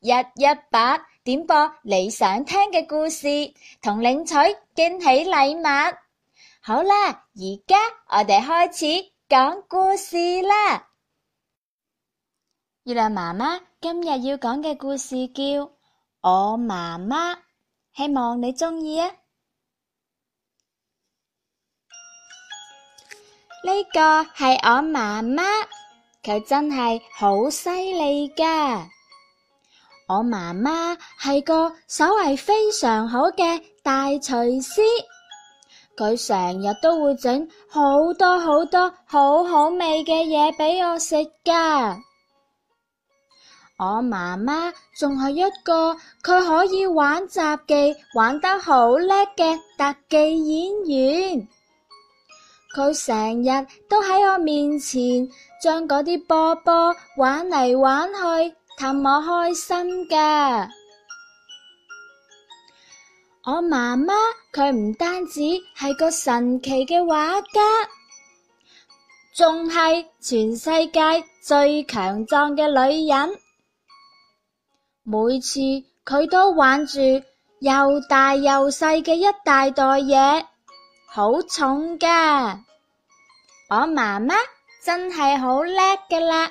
一一八點播你想聽嘅故事，同領取驚喜禮物。好啦，而家我哋開始講故事啦。月亮媽媽今日要講嘅故事叫《我媽媽》，希望你鍾意啊！呢個係我媽媽，佢真係好犀利噶。我媽媽係個手藝非常好嘅大廚師，佢成日都會整好多好多好好味嘅嘢俾我食㗎。我媽媽仲係一個佢可以玩雜技玩得好叻嘅特技演員，佢成日都喺我面前將嗰啲波波玩嚟玩去。氹我開心噶，我媽媽佢唔單止係個神奇嘅畫家，仲係全世界最強壯嘅女人。每次佢都玩住又大又細嘅一大袋嘢，好重噶。我媽媽真係好叻噶啦。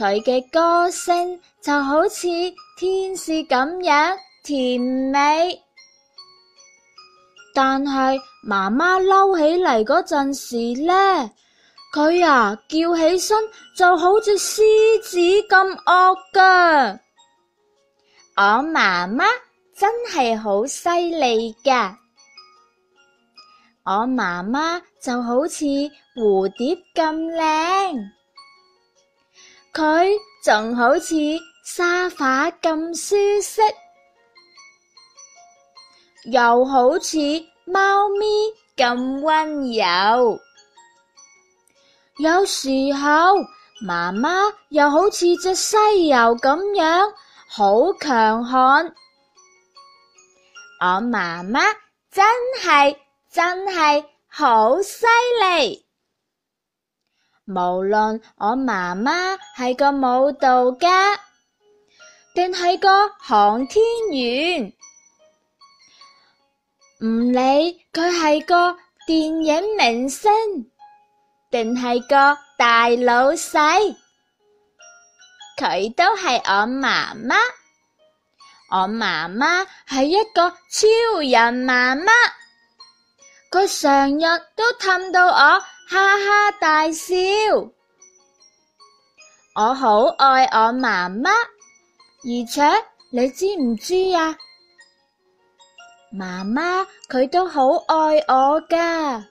佢嘅歌聲就好似天使咁樣甜美，但係媽媽嬲起嚟嗰陣時呢，佢啊叫起身就好似獅子咁惡噶。我媽媽真係好犀利噶，我媽媽就好似蝴蝶咁靚。佢仲好似沙發咁舒適，又好似貓咪咁温柔。有時候媽媽又好似隻犀牛咁樣，好強悍。我媽媽真係真係好犀利。無論我媽媽係個舞蹈家，定係個航天員，唔理佢係個電影明星，定係個大老細，佢都係我媽媽。我媽媽係一個超人媽媽。佢成日都氹到我，哈哈大笑。我好愛我媽媽，而且你知唔知啊？媽媽佢都好愛我㗎，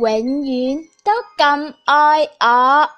永遠都咁愛我。